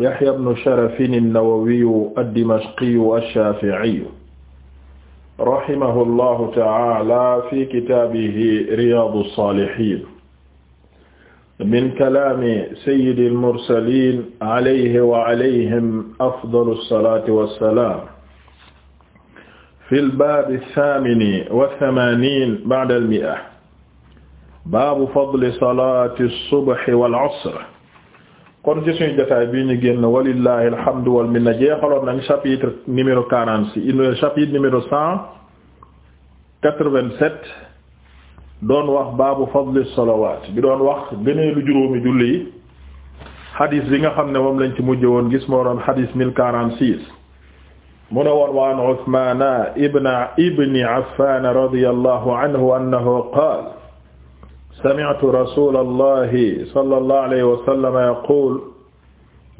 Yahya ibn Sharaf an-Nawawi ad-Dimashqi ash-Shafi'i rahimahu llahu ta'ala fi kitaabihi Riyaadu s-Saalihiin min kalaami sayyidi al-mursaliin alayhi wa alayhim afdalu s-salaati wa s-salaam fi al-baabi ath-thaamini wa ath-thamaaniin ba'da al-mi'a baabu fadli salaati as-subhi wal-'asr kon ci suñu jotaay bii ñu génn walillahi alhamdu wal minna jeexaloon nañ chapitre numéro quarante six chapitre numéro cent quatre-vingt-sept doon wax baabu fadli salawaat bi doon wax gënee lu juróomi julli yi xadis bi nga xam ne moom lañ ci mujj woon gis moo doon xadis mille quarante six mu ne woon waan Usmaan ibn sami'tu rasulallahi sallallahu alayhi wa sallam yaqul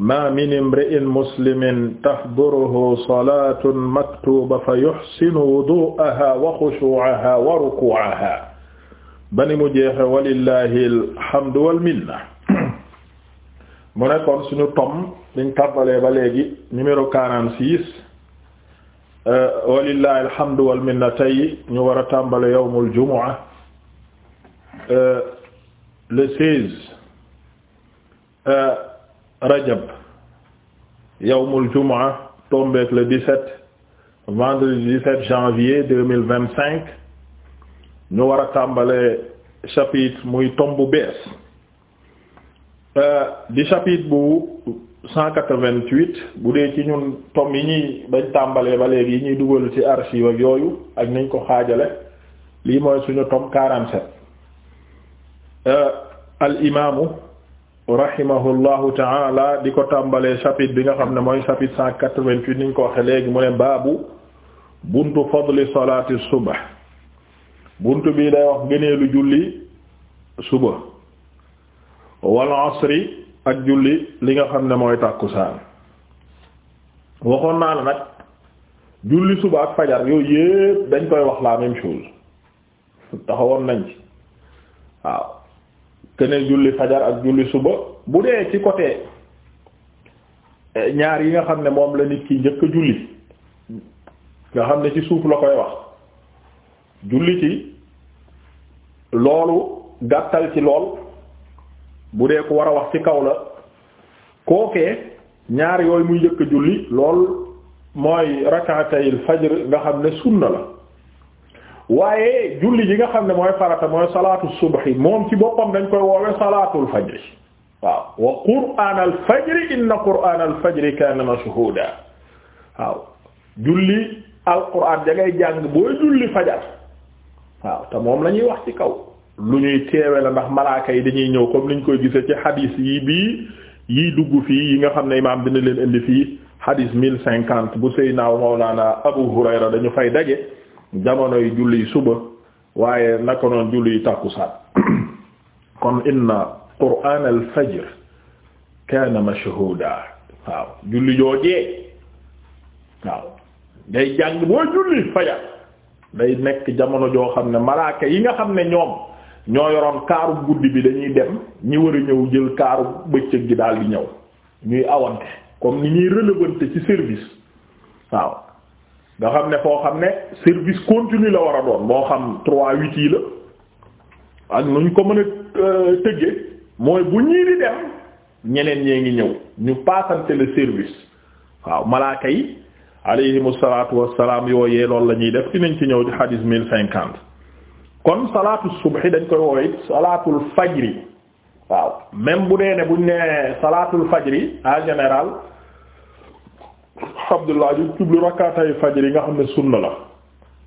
ma min imri'in muslimin tahduruhu salatun maktuba fa yuhsinu wudu'aha wa khushu'aha wa ruku'aha bani mu jeexe walillahi alhamdu wal minna mu ne kon suñu tom liñ tàmbalee ba léegi numéro quarante-six walillahi alhamdu wal minna tey ñu war a tàmbale yawmul jumu'a Euh, le 16 euh, rajab yawmul jumaa tombeek le 17 vendredi 17 janvier 2025 ñu war a tàmbale chapitre muy tomb bu bees euh, di chapitre bu 188 bu dee ci ñun tom yi ñuy bañ tàmbalee ba léegi yi ñuy dugal ci archive ak yooyu ak nañ ko xaajale lii mooy suñu tom 47 Euh, al imaamu rahimahullahu di ko tàmbalee chapitre bi nga xam ne mooy chapitre cent quatre-vingt-huit ni ñu ko waxee léegi mu ne baabu buntu fadli salaati suba buntu bi day wax gëneelu julli suba wal asri ak julli li nga xam ne mooy tàkkusaan waxoon naa la nag julli suba ak fajar yooyu yépp dañ koy wax la même taxawoon nañ ci waaw que ne julli fajar ak julli suba bu dee ci côté eh, ñaar yi nga xam ne moom la nit ki njëkk julli nga xam ne ci suuf la koy wax julli ci loolu gàttal ci lool bu dee ku war a wax ci kaw la kookee ñaar yooyu muy njëkk julli lool mooy rak'atayil fajr nga xam ne sunna la waaye julli yi nga xam ne mooy farata mooy salaatu subhi moom ci boppam dañ koy woowe salaatul fajri waaw wa qur'aan al fajri inna qur'aan al fajri kaana mashhuuda waaw julli al qur'aan da jàng booy julli fajar waaw te moom lañuy ñuy wax ci kaw lu ñuy teewe la ndax malaaka yi dañuy ñëw kom niñ koy gisee ci xadiis yi bii yi dugg fii yi nga xam ne imaam dina leen indi fii xadiis mille cinquante bu Seydina Mawlaana Abu Hurayra dañu fay daje jamono jamonoy julli suba waaye naka noon julli tàkkusaan kon inna qur'aan al fajr kaana mashhuuda waaw julli joojee waaw day jàng boo julli fajar day nekk jamono joo xam ne malaake yi nga xam ne ñoom ñoo yoroon kaaru guddi bi dañuy dem ñi war a ñëw jël kaaru bëccëg gi daal di ñëw ñuy awante comme ni ñuy relevante ci service waaw nga xam ne foo xam ne service continu la war a doon moo xam trois huit yi la ak nuñ ko mën a euh, tëggee mooy bu ñii di dem ñeneen ñee ngi ñëw ñu passante le service waaw malaaka yi alayhimu salaatu wassalaam yooyee loolu la ñuy def dinañ ci ñëw ci xadiis mille cinquante kon salaatu subhi dañ koy woowee salaatul fajri waaw même bu dee ne buñ nee salaatul fajri en général Abdullah ju jublu rakkaatay yi nga xam ne sunna la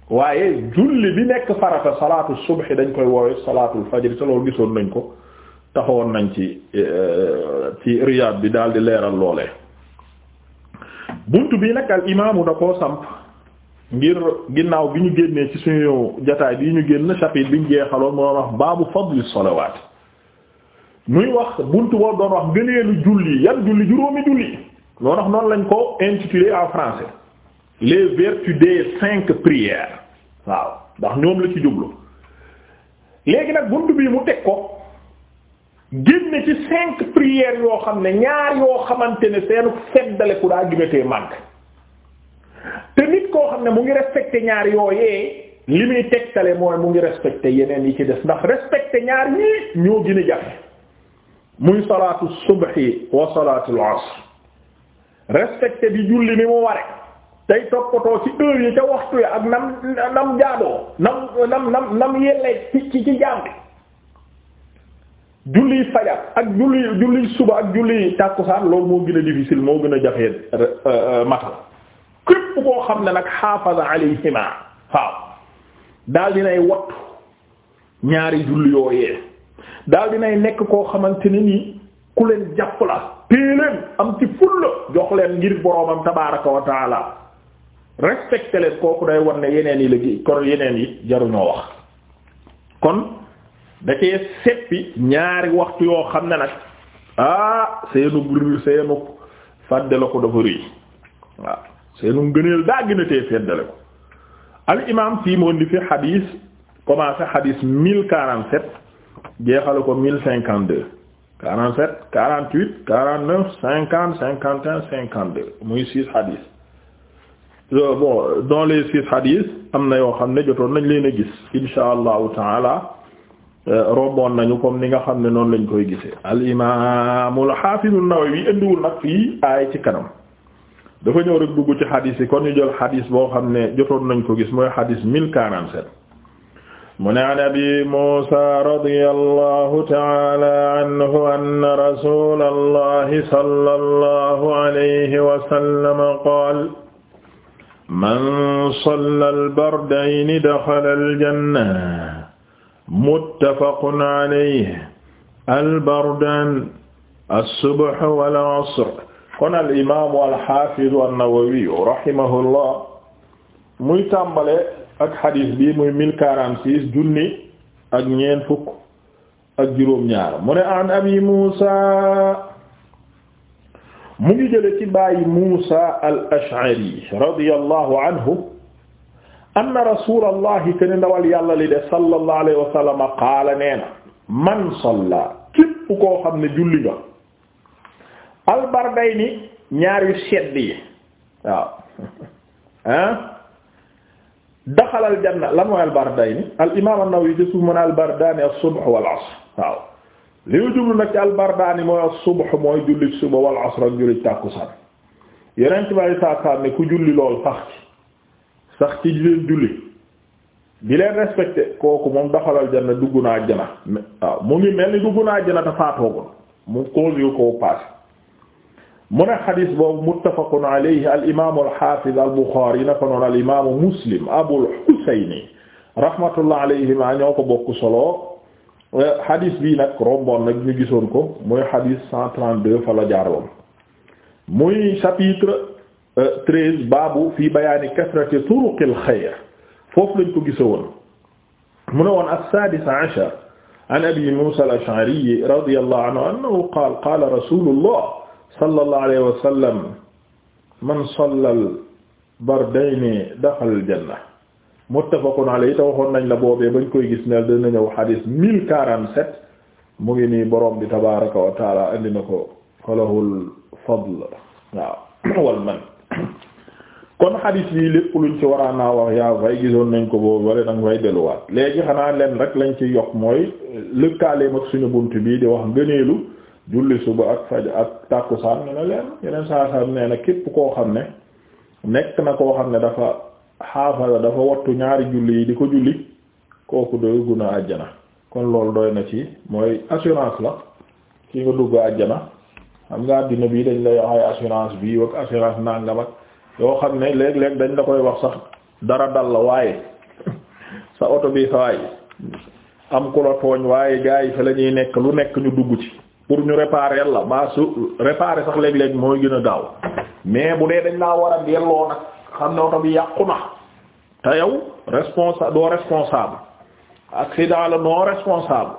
waaye julli bi nekk farata salaatu subhi dañ koy woowee salaatul faj te loolu gisoon nañ ko nañ ci eh, ci bi daal di leeral loolee. buntu bi nag al imaamu da koo samp ngir ginnaaw bi ñu génnee ci suñu jataay bi ñu génn chapitre bi ñu jeexaloon moo wax baabu fadli salawaat muy wax bunt boo doon wax gëneelu julli yan julli juróomi julli. loo tax noonu lañ ko intitulé en français les vertus des cinq prières waaw ndax ñoom la ci jublu léegi nag buntu bii mu teg ko génne ci cinq prières yoo xam ne ñaar yoo xamante ne seenu seddale ku daa gënatee màgg te nit koo xam ne mu ngi respecté ñaar yooyee li muy tegtale mooy mu ngi respecté yeneen yi ci des ndax respecté ñaar yii ñoo gën a jafe muy salaatu subhi wa salaatu al asr respecté di julli ni mu ware tey toppatoo ci heure yi ca waxtu ya ak nam nam jaadoo nam nam nam nam yellee ci ci jaam bi julli fajar ak julli julli suba ak julli tàkkusaan loolu moo gën a difficile moo gën a jafee euh, euh, matal képp koo xam ne nag xaafaza alayhima waaw daal dinay wattu ñaari julli yooyee daal dinay nekk koo xamante ne nii ku leen jàpp la téye leen am ci fulla jox leen ngir boroomam tabaaraka wa taala leen kooku day war ne yeneen yi léegi kon yeneen yi jaruñoo wax kon da seppi ñaari waxtu yoo xam ne nag ah seenu bur seenu fàddale ko dafa rëy waaw seenu ngëneel daa gën feddale ko al imam fii moo di fi xadiis commencé xadiis mille quarante sept jeexale ko mille cinquante deux 47 48 49 50 51 52 muy six hadith euh, bon dans les six hadith am na yoo xam ne jotoon nañ leen a gis insha allahu taala euh, romboon nañu comme ni nga xam ne noonu lañ koy gisee al imaamul xaafizu Nawawi indiwul nag fii aay ci kanam dafa ñëw rek dugg ci hadith yi kon ñu jël hadith boo xam ne jotoon nañ ko gis mooy hadith 1047 mu ne an abi Muusaa radiyallahu ta'ala anhu anna rasuulallahi sallallahu alayhi wa sallam qaala man salla al-bardayni daxala al-janna muttafaqun alayhi al-bardaan as-subh wal-'asr kon al-imaamu al-haafidu an-Nawawi rahimahullah muy tàmbale ak xadiis bi muy mille quarante-six junni ak ñeent fukk ak juróom-ñaar mu abi Muusa mu ngi jële ci bàyyi Muusa al-Ash'ari radiyallahu anhu anna rasulallahi te ne ndawal yàlla li de sallallahu alayhi wa sallam man salla képp koo xam ne julli nga ñaar yu sedd yi ah daxalal janna lan mooy albardayni al imaam an-Nawawi ci suuf mu ne albardaani as-subh wal asr waaw li ñu nag ci albardaani mooy as-subh mooy jullit suba wal asr ak jullit tàkkusaan yeneen ci may saasaam ne ku julli lool sax ci sax ci julli di leen respecté kooku moom daxalal janna dugg naa jana waaw mu ngi mel ni dugg naa jana te faatoo ko mu cause yu ko paase mu ne xadis boobu muttafaqun alayhi al imaamu al xaafiz al buxaari na ko noonu al imaamu muslim abul xusayni rahmatullah alayhima ñoo ko bokk solo xadis bii nag romboon nag ñu gisoon ko muy xadis 132 fa la jaaroon muy chapitre 13 euh, baabu fii bayaani kasrati turuqil xayr foofu lañ ko gisoon mu ne woon as-saadis ashar an abi muusa al ash'ari radiyallahu anhu annahu qaala qaala rasulullah sallallahu alayhi wa sallam man sallal bardayni daxalal janna muttafaqun alayhi te waxoon nañ la boobee bañ koy gis ne dana ñëw xadis mille quarante sept mu ngi nii borom bi tabaaraka wa taala andi na ko falahul fadl waaw wal man kon xadis yi lépp luñ ci waraan naa wax yaa fay gisoon nañ ko boobu wala da nga delluwaat léegi xanaa leen rek lañ ci yokk mooy lëkkaaleem ak suñu bunt bii di wax ngëneelu. julli suba ak faj ak tàkkusaan ne na leen yeneen saa saa nee képp koo xam ne nekk na koo xam ne dafa xaafala dafa wattu ñaari julli yi di ko julli kooku doy guna àjjana kon loolu doy na ci mooy assurance la ki nga dugg àjjana xam nga àddina bii dañ lay waxee assurance bi ak assurance nangam ak yoo xam ne léeg-léeg dañ la koy wax sax dara dal la waaye sa oto bi sawaay am ku tooñ waaye gaa yi fa la ñuy nekk lu nekk ñu dugg ci pour ñu réparer la maa su réparer sax léeg-léeg mooy gën a gaaw mais bu dee dañ laa war a delloo nag xam ne oto bi yàqu na te yow responsa doo responsable accident la non responsable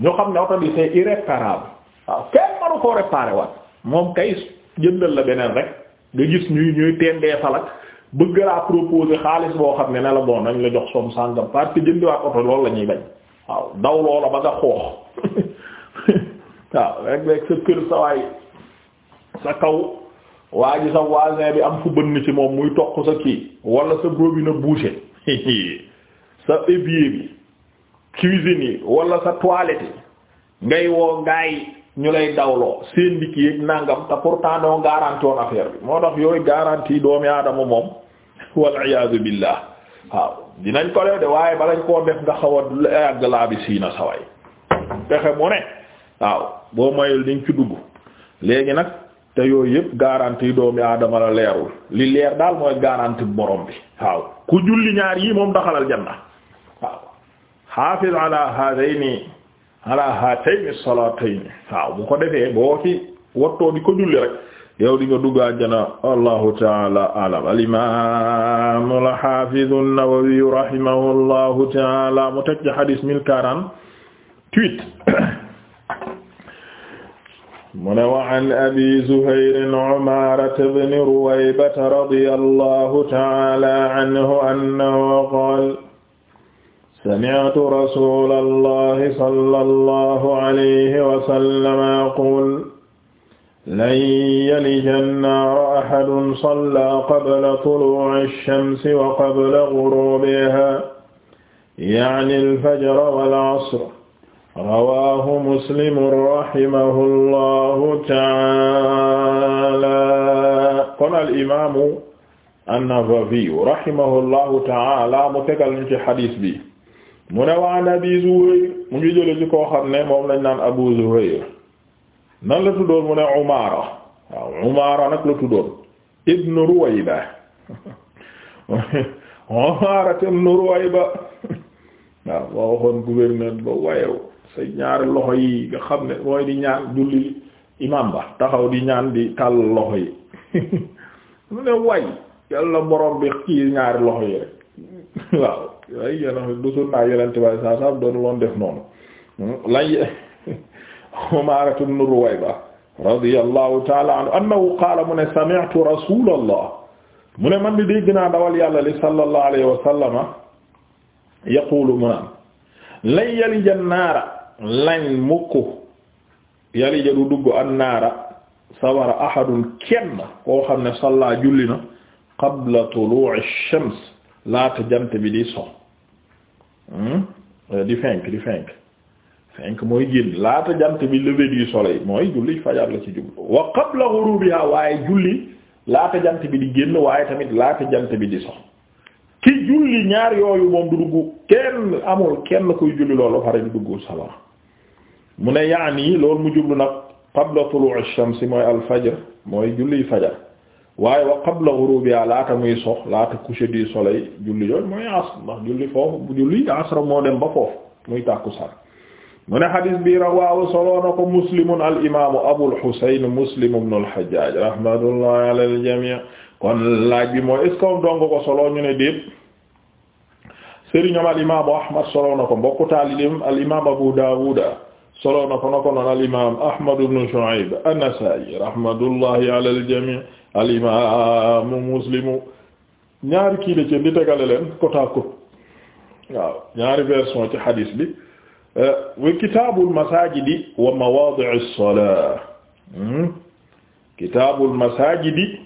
ñu xam ne oto bi c'est irréparable waaw kenn mënu koo réparer waat moom kay jëndal la beneen rek nga gis ñuy ñuy tendee falak bëgg laa proposer xaalis boo xam ne ne la bon nañ la jox somme sàngam parce que jëndiwaat oto loolu la ñuy bañ waaw daw loola ba nga xoox waaw léeg sa kër sa sa kaw waa ji sa voisin bi am fu bënn ci moom muy toq sa kii wala sa robinet bouché sa évier bi cuisine yi wala sa toilette yi ngay woo ngaay ñu lay dawloo seen dikk yëg nangam te pourtant noo garanti woon bi moo tax yooyu garanti doomi aadama moom wal iyaazu billah waaw dinañ ko lew de waaye balañ koo def nga xaw a àgg laa bi siina saway ne waaw boo mayul di ci dugg léegi nag te yooyu yëpp garanti doomi aadama la leerul li leer daal mooy garantie borom bi waaw ku julli ñaar yii moom daxalal janna waaw hafiz ala hadaini ala hataini salataini waaw bu ko yow di dugg al an-Nawawi rahimahu allahu taala mu teg ci hadis mille quarante mu ne wa an abi zuhairin umaarata bni ruwaybata radia allahu taala aanhu annahu qaal sami'tu rasula allahi sala allahu alayhi wasallama yaquul lan yalija annaara ahadun salla qabla tuluu'i ash-shamsi wa qabla ghuruubihaa ya'ni al-fajra wal 'asr rawaahu muslim rahimahullahu taala kon al imaamu an-Nawawi rahimahullahu taala mu tegal ñu ci xadis bi mu ne waa Abi Zuhayr mu ngi jële ci koo xam ne moom lañ naan Abu Zuhayr nan la tuddoon mu ne Umaara waaw Umaara nag la tuddoon ibn Ruwayba Umaara ibn Ruwayba waaw moo waxoon gouverneur ba wayew say ñaari loxo yi nga xam ne mooy di ñaan julli imam ba taxaw di ñaan di tàll loxo yi mu ne way yàlla borom bi kii ñaari loxo yi rek waaw ay yenn du sunnaa yenente bali saa saam doonu loon def noonu hmm, lay Umaaratu ibn Ruwayba radiyallahu ta'ala anhu annahu qaala mu ne sami'tu rasulallah mu ne man di dégg naa dawal yàlla li sallallahu alayhi wa yaqulu mu naan lan yalija naara lañ mukk yalija du dugg annaara sawara ahadun kenn koo xam ne salla julli na qabla tulu'i shams laata jant bi di so hmm? eh, di fenk di fenk fenk mooy génn laata jant bi lever du soleil mooy julli fajar la ci jublu wa qabla ghurubiha waaye julli laata jant bi di génn waaye tamit laata jant bi di so ki julli ñaar yooyu moom du dugg kenn amul kenn kuy julli loolu pare du dugg sawara mu ne yaani loolu mu jublu nag qabla tuluu'i shamsi mooy alfajr mooy julliy fajar waaye wa qabla ghurubiha laata muy sox laata coucher du soleil julli yooyu mooy asr julli foofu julli asr moo dem ba foofu muy tàkkusaan mu ne xadis bi rawaahu soloo na ko muslimun al imaamu abul husayn muslim ibn al hajjaj rahmatullahi ala al jami' kon laaj bi mooy est ce ko soloo ñu ne déet sëriñam al imaamu ahmad soloo na ko al imam abu daawuda solo na ko na ko noon alimaam Ahmad ibn Shu'ayb an-Nasaa'i rahmatullahi ala al-jamii' Muslim ñaari kii la ci di tegale ñaari version ci hadis bi eh, wa kitaabul masaajidi wa mawaadi'i as-salaat hmm? kitaabul masaajidi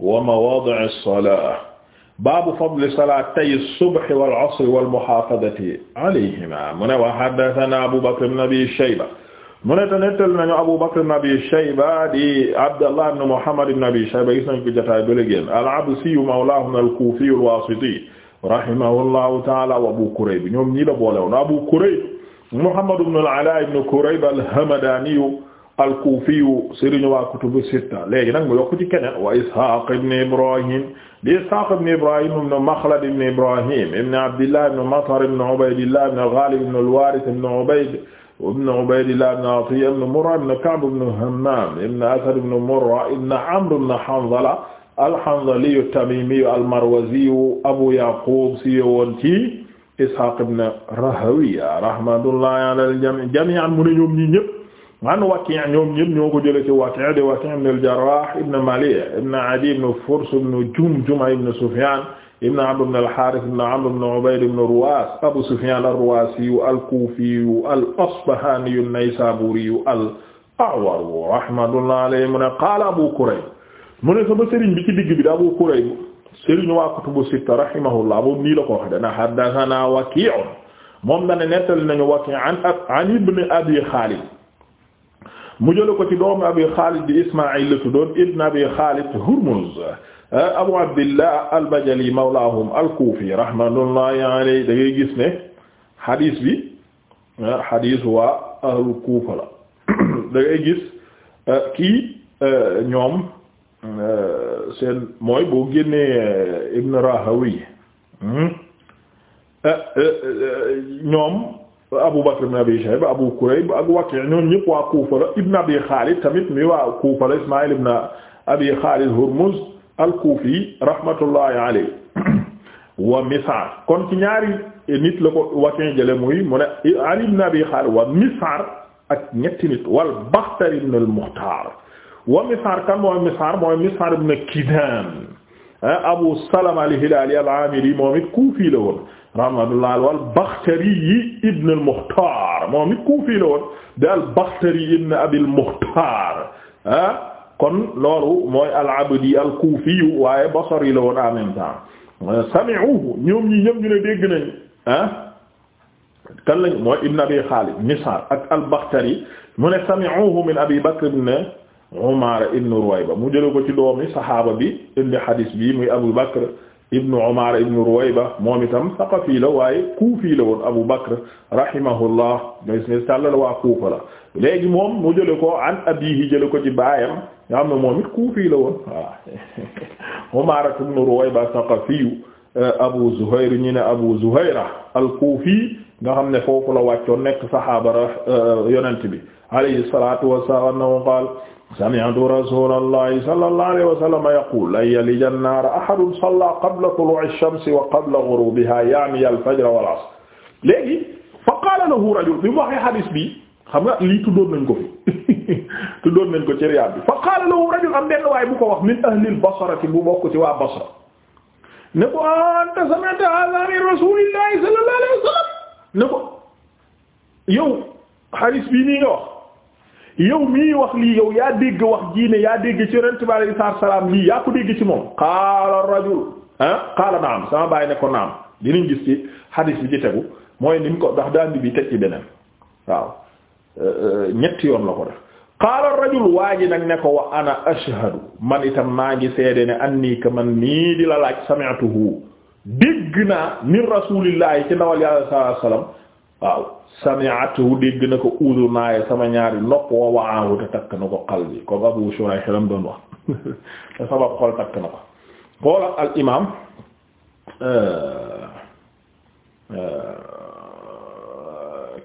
wa mawaadi'i as-salaat baabu fadli salaatay subhi wal asri wal muhaafadati alayhimaa mu ne wa haddasanaa Abu Bakr ibn Abi Shayba mu ne te nettal nañu Abu Bakr ibn Abi Shayba di Abdallah ibn Muhammad ibn Abi Shayba gis nañ ko jotaay ba léegi al-Absiyyu mawlaahum al-Kuufiyyu al-Waasitiyu rahimahullahu ta'aala wa Abu Kurayb ñoom ñii la boole woon Abu Kurayb Muhammad ibn al-Alaa ibn Kurayb al-Hamdaaniyu al-Kufiyu sëriñu waa kutubu sitta léegi nag mu yokk ci keneen wa Ishaq ibn Ibrahim di Ishaq ibn Ibrahim ibn Makhlad ibn Ibrahim ibn Abdillah ibn Matar ibn Ubaydillah ibn Ghalib ibn al-Warith ibn Ubayd ibn Ubaydillah ibn Atiyya ibn Murra ibn Ka'b ibn Hammam ibn Asad ibn Murra ibn Amr ibn Hanzala al-Hanzali at-Tamimi al-Marwazi Abu Yaqub si woon ci Ishaq ibn Rahawiya rahmatullahi ala al-jami' jami'an mu ne ñoom ñi ñépp man Waki' ñoom ñëpp ñoo ko jëlee ci Waki' di Waki' ibn al-Jarrah ibn Mali' ibn Adi ibn Furs ibn Jumjuma ibn Sufyan ibn Amr ibn al-Harith ibn Amr ibn Ubayd ibn Ruwas Abu Sufyan ar-Ruwasi al-Kufi al-Asbahani an-Naysaburi al-A'war rahmatullahi alayhi mu ne qaala Abu Kurayb mu ne sama sëriñ bi ci digg bi da Abu Kurayb sëriñ waa kutubu sitta rahimahullah moom nii la ko wax dana haddathana Waki' moom dana nettali nañu Waki' an Ibn Abi Khalid mu jële ko ci doomu abi Xaalid di Ismaa'il la tuddoon ibn abi Xaalid Hurmuz Abu Abdillah al-Bajali mawlaahum al-Kuufi rahmatullahi alayhi da ngay gis ne hadith bi hadith waa ahlu Kuufa la gis kii ñoom mooy boo génnee Ibn Rahawi hmm? eh, eh, eh, ñoom. Abu Bakr ibn Abi Shayba Abu Kurayb ak Waki' ñoom ñëpp waa Kufa la Ibn Abi Khalid tamit mi waa Kufa la Ismaïl ibn Abi Khalid Hurmuz al-Kufi rahmatullahi alayhi wa Mis'ar kon ci ñaari nit la ko Waki' jële muy mu ne Ali ibn Abi Khalid wa Mis'ar ak ñetti nit wal Bakhtari ibn al-Mukhtar wa Mis'ar kan mooy Mis'ar mooy Mis'ar ibn Kidan ah, Abu Salama al-Hilali al-Amiri moom it Kufi la woon rahmatullah wal Bakhtari ibn al Mukhtar moom it kuufi la woon de al Bakhtari ibn Abil Mukhtar ah kon loolu mooy al Abdi al Kuufi waaye Basri la woon en même temps euh, sami'uhu ñoom ñi ñëpp ñu ne dégg ah, lañ mooy ibn Abi Khalid Mis'ar ak al Bakhtari mu ne sami'uhu min Abi Bakr ibn Umar ibn Ruwayba mu jëlee ko ci doomi saxaaba bi indi hadis bi ibnu Umar ibnu Ruwayba moom itam saqafi la waaye kuufi la woon Abu Bakr rahimahullah ñoy tàll la waa Kuufa la léegi moom mu jële ko an abiihi jële ko ci baayam nga xam ne moom it kuufi la woon voilà Umar ibnu Ruwayba saqafiyu euh, Abu Zuhayr ñu ne Abu Zuhayra al-Kuufi nga xam ne foofu la wàccoon nekk saxaaba euh, yonent bi alayhi salaatu wa salaam qaal sami'tu rasulallahi sallallahu alayhi wa sallam yaqul lan yalija an-naara ahadun salla qabla tulu'i ash-shamsi wa qabla ghurubiha ya'ni al-fajr wal 'asr léegi fa qaala lahu rajul bi mu waxee hadis bi xam nga lii tuddoon nañ ko fi tuddoon nañ ko ci Riyaad bi fa qaala lahu rajul am benn waay bu ko wax min ahli al-Basra bu bokk ci waa Basra ne ko anta sami'ta hadha min rasulillahi sallallahu alayhi wa sallam ne ko yow hadis bii nii nga wax yow mii wax lii yow yaa dégg wax jii ne yaa dégg ci yonent bi alayhi salaam lii yaa ko dégg ci moom qaala rajul ah qaala naam sama bàyyi ne ko naam dinañ gis ci hadith bi ci tegu mooy ni mu ko ndax daan bi teg ci beneen waaw ñetti yoon la ko def qaala rajul waa nag ne ko wa ana ashhadu man itam maa ngi seede ne anni ka man nii di la laaj sami'tuhu dégg naa min rasulillahi ci ndawal yàlla sallallahu alayhi waaw sami'atu dégg na ko udunaaya sama ñaari nopp wa wa'ahu te takk na ko qalbi comme Abu Shurayh xelam doon wax te sama xol takk na ko xoolal al imaam euh, euh,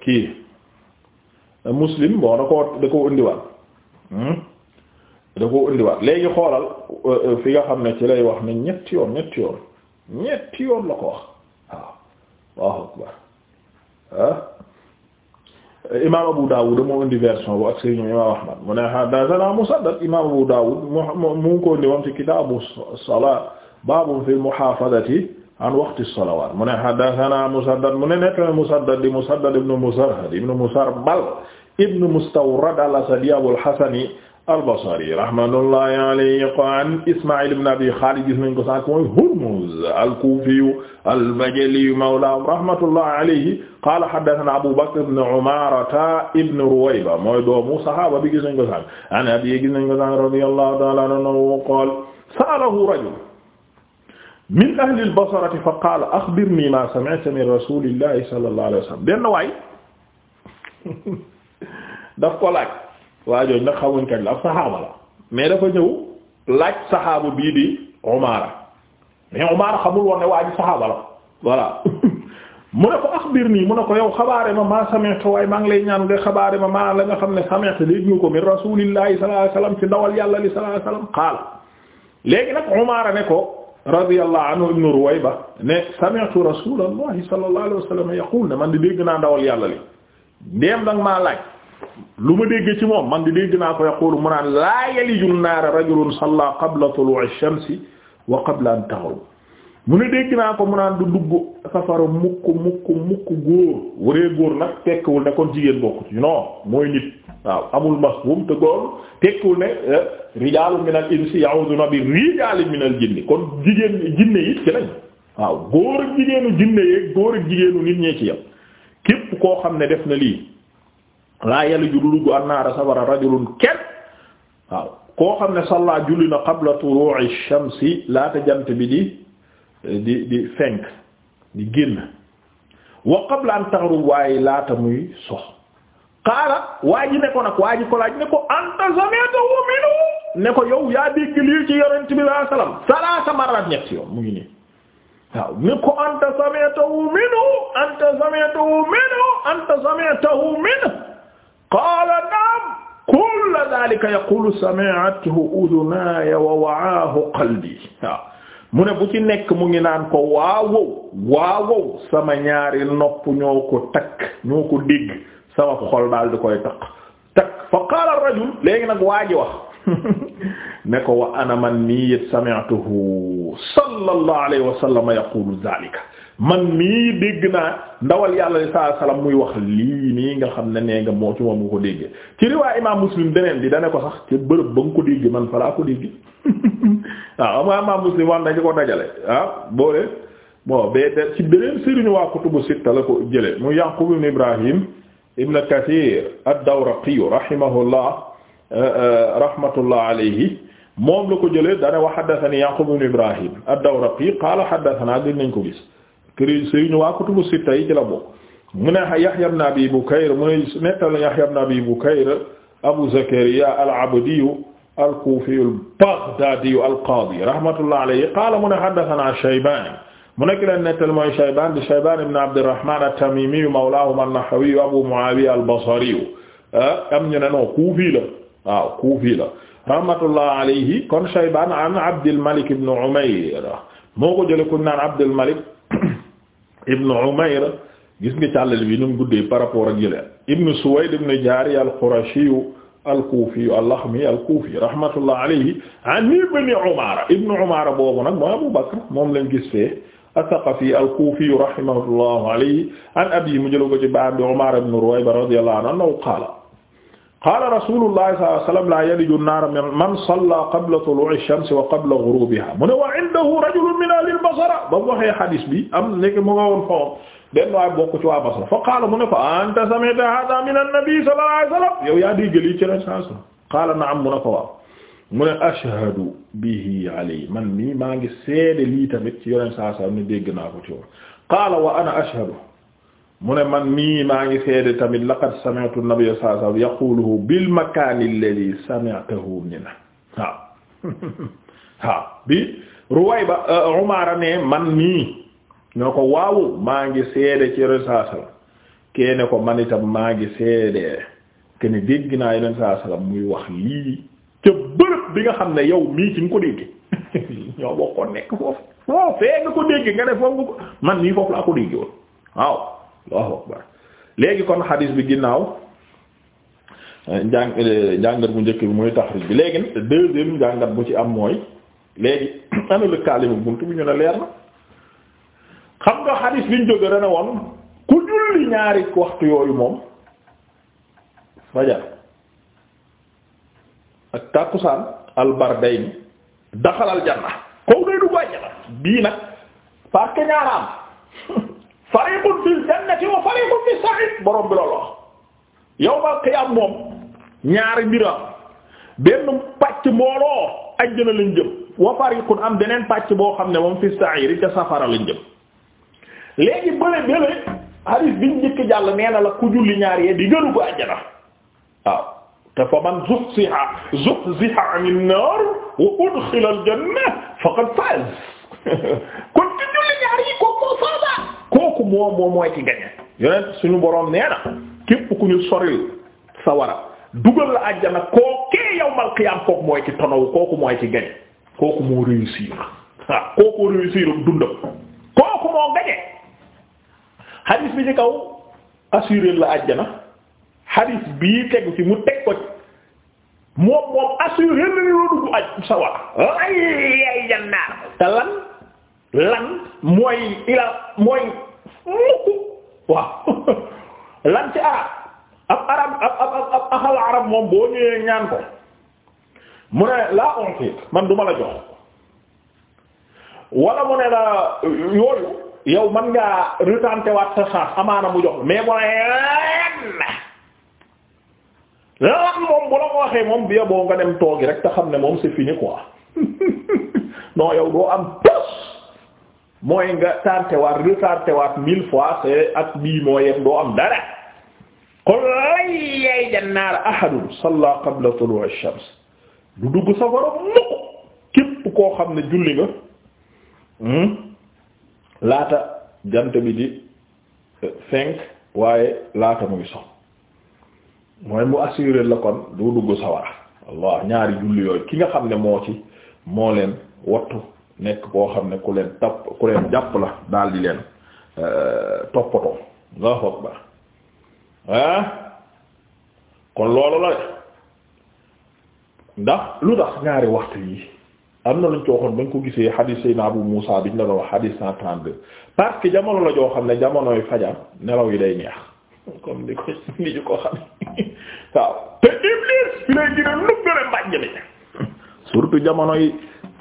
kii Muslim bon da koo da koo indiwaat hmm? da koo indiwaat léegi xoolal euh, fi nga xam ne ci lay wax ne ñetti yoon ñetti yoon la ko wax waaw waaw imaam Abu Dawud moo indi version bu ak sëriñ imaam Ahmad mu ne haddathana Musaddad imaam Abu Dawud mu mu ngi ko indi woon ci kitaabu salaat baabun fil muhaafazati an waqti salawaat mu ne haddathana Musaddad mu ne nekk na Musaddad di Musaddad ibn Musarhad ibn Musarbal ibn Mustawrad al-Asadi Abul Hasani al-Basri rahmatullahi alayhi an Isma'il ibn Abi Khalid gis nañ ko sànq mooy Hurmuz al-Kufi al-Bajali mawla rahmatullahi alayhi qala haddathana Abu Bakr ibn Umarata ibn Ruwayba mooy doomu saxaaba bi gis nañ ko sànq an abi gis nañ ko sànq radiyallahu ta'ala anhu qala sa'alahu rajul min ahli al-Basrati fa qala akhbirni ma sami'ta min rasulillahi sallallahu alayhi wa sallam benn waay daf ko laaj waa jooju nag xamuñ kañ la ab saxaaba la mais dafa ñëw laaj saxaaba bii di Umaara mais Umaara xamul woon ne waa ji saxaaba la voilà mu ne ko axbirnii mu ne ko yow xabaare ma maa sami'tu waaye maa ngi lay ñaan nga xabaare ma maa la nga xam ne sami'tu dégg nga ko min rasuulillahi sallallahu alayhi wasallam ndawal yàlla li sallallahu alayhi wasallam qaal léegi nag Umaara ne ko radiyallahu anhu ibnu Ruwayba ne sami'tu rasulallahi sallallahu alayhi yaqul ne man di dégg naa ndawal yàlla li dem lu ma dégg ci moom man di dégg naa ko yaqulu mu naan laa yalijul naara rajulun salla qabla tulu'i shamsi wa qabla an mu ne dégg naa ko mu naan du dugg safara mukk mukk mukk góor waree góor nag tekkiwul ne kon jigéen bokku ci mooy nit waaw amul masbuum te góor tekkiwul ne eh, rijaalun minal insi ya'uduna bi rijaalin minal jinni kon jigéen jinne yi ci lañ waaw góor ak jigéenu jinne yeeg góor ak jigéenu nit ñee ci yam képp koo xam ne def na lii laa yàlla ju dugg annaara safara rajulun waaw koo xam ne sallaa julli na qabla turu'i shamsi laata jant bi di di di fenk di génn wa qabla an waaye laata muy sox qaala waa ji ne ko nag waa ji ko laaj ne ko anta sami'tahu minhu ne ko yow yaa dégg lii ci yonent bi sallallahu alayhi wasallam salaasa marrat ñetti yoon mu ngi nii waaw ne ko anta sami'tahu minhu anta sami'tahu minhu qaala naam kulla daalika yaqulu sami'athu udunaaya wa wa'aahu qalbi waaw mu ne bu ci nekk mu ngi naan ko waawow waawow sama ñaari nopp ñoo ko takk ñoo ko dégg sama xol daal di koy takk takk fa qaala ar-rajul léegi nag waa ji wax ne ko wa ana man mii it sami'tuhu sallallahu alayhi wa sallam yaqulu zalika man mii dégg naa ndawal yàlla li saa salaam muy wax lii nii nga xam ne nee nga moo ci moom nga ko déggee ci riwaay imaam muslim beneen bi dane ko sax ci bërëb ba nga ko déggee man fa laa ko déggee waaw ah, am imaam muslim wax nañu ko dajale ah, boole bon bee de ci beneen sëriñu waa kutubu sitta la ko jëlee mu Yaqub ibn Ibrahim ibn Kathir ad-Dawraqi rahmatullah alayhi moom la ko jëlee dana wa haddathani Yaqub ibn Ibrahim ad-Dawraqi qaala haddathana gën nañ ko gis këri sëriñu waa kutubu sitta yi ci la bokk mu ne Yahya ibn Abi Bukayr mu ne nettal Yahya ibn Abi Bukayr Abu Zakariya al-Abdi al-Kufi al-Baghdadi al-Qadi rahmatullah alayhi qaala mu ne haddathana Shaybani mu nekk leen nettal mooy Shaybaan di Shaybaan ibn Abdirrahmaan at-Tamimi mawlaahum an-Nahawi Abu Muawiya al-Basri ah, am ñu ne non Kufi la waaw kuufi la rahmatullah alayhi kon Shaybaan an Abdul Malik ibn Umayr moo ko jëlee ku naan Abdul Malik ibn Umayr gis nga càllal bi nu mu guddee par rapport ak jële ibn Suwayd ibn Jaari al-Qurashi al-Kufi al-Lakhmi al-Kufi rahmatullah alayhi an ibn Umar ibn Umar boobu nag mooy Abu Bakr moom lañ gis fee as-Saqafi al-Kufi rahimahullah alayhi an abi mu jëlee ko ci baabi Umar ibn Ruwayba radiyallahu anhu qaala qaala rasuulullahi sallallahu alayhi wa sallam laa yaliju naara man salla qabla tuluu'i shamsi wa qabla ghuruubihaa mu ne wa indahu rajulun min ahlil basra ba mu waxee xadis bi am nekk mu nga woon foofu benn waay bokk ci waa Basra fa qaala mu ne ko anta sami'ta haadaa mina nabiyyi sallallahu alayhi wa sallam yow yaa dégg lii ci ren saa su qaala na'am mu ne ko waaw mu ne ashhadu bihi alayhi man mii maa ngi seede lii tamit ci ren saa su ne dégg naa ko ci woon qaala wa ana ashhadu mu ne man mii maa ngi seede tamit laqad sami'tu an-nabiyya sallallahu alayhi wa sallam yaquluhu bil makaani alladhi sami'tahu minhu waaw waaw bi Ruwayba euh, Umaara ne man mii ñoo ko waawu maa ngi seede ci Yonent sallallahu alayhi wa ko man itam maa ngi seede kene dégg naa Yonent sallallahu alayhi muy wax lii ca bërëb bi nga xam ne yow mii ci nga ko dégg ñoo bokkoon nekk foofu foo nga ko dégg nga ne foofu nga ko man mii foofu laa ko dégg woon waaw Allahu léegi kon xadiis bi ginnaaw njàng njàngat bu njëkk bi muy taxriij bi léegi deuxième njàngat bu ci am mooy léegi ana lëkkaalimu buntu bi ñu ne leer na xam nga xadiis bi ñu jóge dana ku julli ñaari waxtu yooyu moom fajar ak tàkkusaan albardayn daxalal janna kow day du wàññi la bii nag parce que fariqun fil jannati wa fariqun fis sa'id borom bi loolu wax yawmal qiyaam moom ñaari mbira benn pàcc mbooloo ajjana lañ jëm wa fariqun am beneen pàcc boo xam ne moom fi sa'iri ca safara lañ jëm léegi bële bële hadith biñ njëkk jàll nee na la ku julli ñaar yee di gënu ko ajjana waaw te fa man zuhziha zuhziha anin naar wa udxila al janna faqad faaz moo moom mooy ci gañe yonent suñu boroom nee na képp ku ñu soril sa war a dugal la àjjana kookee yawmal qiyaam kooku mooy ci tonaw kooku mooy ci gañe kooku moo réussir waaw kooku moo gañe hadith bi ci kaw assuré la àjjana hadith bii tegu ci mu teg ko moom moom assuré la ñu mooy ila mooy waaw lan ci arab ab arab ab ab ab axal arab moom boo ñëwee ñaan ko mu ne laa ontiit man duma la jox wala mu ne la yooyu yow man ngaa retenter waat sa chance amaana mu jox mais mu ne lan moom bu la ko waxee moom bi boo nga dem toogi rek te xam ne moom c'est fini quoi non doo am tos mooy nga tartewaat retartewaat mille fois c'est ak bii moo yem doo am dara qul lan yaj'ala naar ahadun salla qabla tulu'i shams du dugg safara mukk képp koo xam ne julli nga hmm, laata jant bi di euh, fenk waaye laata mu ngi sox mooy mu assuré la kon du dugg sawara allah ñaari julli yooyu ki nga xam ne moo ci moo leen wattu nekk koo xam ne ku leen tapp ku leen jàpp la daal di leen euh, toppatoo nga xoog ba kon loolu la ndax lu tax ñaari waxtu yi am na luñ ci waxoon bañ ko gisee xadiis Seydina Abu Muusa biñ la doon wax xadiis cent trente-deux parce que la joo xam ne jamonoy fajar nelaw yi day neex comme ni ko ni ñu ko xam waaw te Iblis fi lay gën lu gën a mbàjj surtout jamonoy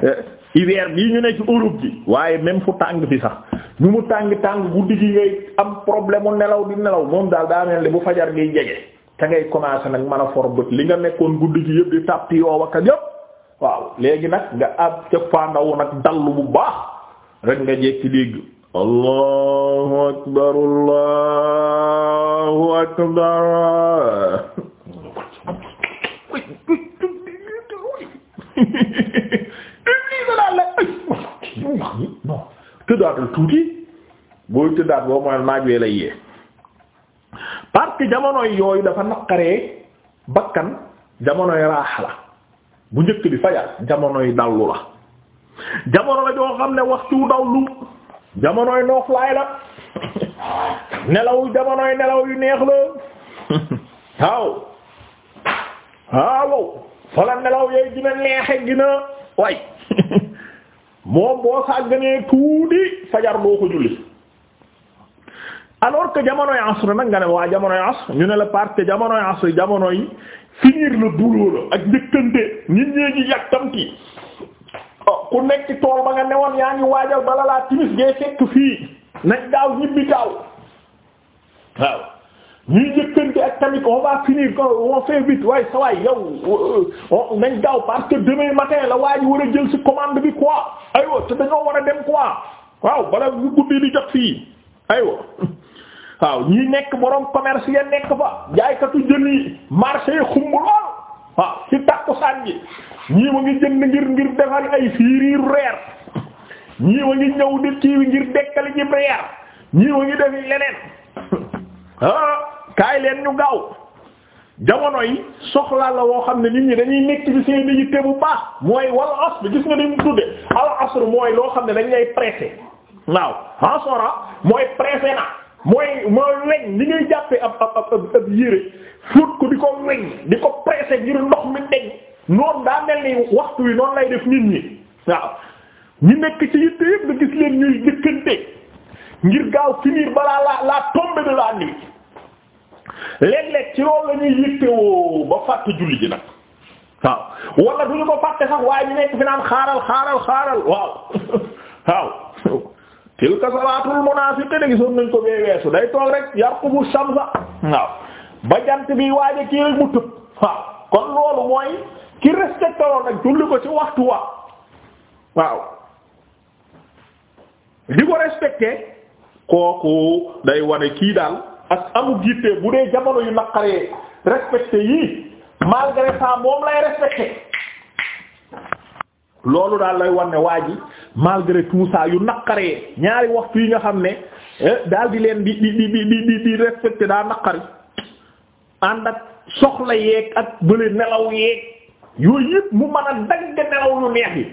eh, hiver bii ñu ne ci Europe bi waaye même fu tàng fi sax ñu mu tàng tàng guddi gi ngay am problème mu nelaw di nelaw moom daal daa mel ni bu fajar giy jege te ngay commencer nag mën a for bët li nga nekkoon guddi gi yëpp di tàpp yoo ak yëpp waaw léegi nag nga ab ca faandawu nag dallu bu baax rek nga jekki dégg allahu akbar allahu akbar suñu wax tuuti booy tëddaat boo mooy naaj wee lay yee parce que yooyu dafa naqaree bakkan jamonoy raax la bu njëkk bi fajar jamonoy dallu la jamono la joo xam ne waxtu dawlu jamonoy nooflaay la nelaw jamonoy nelaw yu neex la waaw waaw fala nelaw yooyu dina neexe gina way moom boo sàgganee tuuti fajar doo ko julli alors que jamonoy asr nag nga ne waa jamonoy asr ñu ne la parce que jamonoy asr jamonoy finir le boulot la ak njëkkante nit ñee ngi yàkkamti oh, ku nekk ci tool ba nga newoon yaa ngi waajal bala laa timis ngay fekk fii nañ daaw ñibbi daaw waaw ñuy njëkkante ak tamit on va finir on fait vite waaye sa waay yow euh, nañ gaaw parce que demain matin la waa war a jël si commande bi quoi aywa te dañoo war a dem quoi waaw bala bu li di jot fii aywa waaw ñi nekk borom commerce ya nekk fa jaaykatu jën yi marché yi xumb lool waaw ci tàkkusaan gi ñii ma ngi jënd ngir ngir defal ay fiiriir reer ñii ma ngi ñëw di kii ngir dekkali ci reer ñii ma ngi def leneen. ah kaay leen ñu gaaw jamono yi soxlaa la woo xam ne nit ñi dañuy nekk ci seen yitte bu baax mooy wala asr gis nga ni tudde al asr mooy loo xam ne dañ lay pressé waaw asra mooy pressé na mooy mooy weñ li ngay jàppee ab ab ab yére fóot ko di ko weñ di ko pressé ngir ndox mi deñ noonu daa mel ni waxtu wi noonu lay def nit ñi waaw ñi nekk ci yitte yëpp nga gis leen ñuy jëkkante ngir gaaw finir balaa la la tombée de la nuit léeg-léeg ci loolu la ñuy yittewoo ba fàtte julli ji nag waaw wala du ñu ko fàtte sax waaye ñu nekk fi naan xaaral xaaral xaaral waaw waaw tilka salaatul munaafiqiin gisoon nañ ko bee weesu day toog rek yarqubu shamsa waaw ba jant bi waaje kii rek mu tëb waaw kon loolu mooy ki respecté nag julli ko ci waxtu wa waaw di ko respecté kooku day wane kii daal ak amul jiitee bu dee jamono yu naqaree respecté yii malgré ça moom lay respecté loolu daal lay wane waa ji malgré tout yu naqaree ñaari wax yi nga xam ne eh, daal di leen di di di di di di daa naqari ànd ak soxla yeeg ak bële nelaw yeeg yooyu yëpp mu mën a dagg nelaw yu neex yi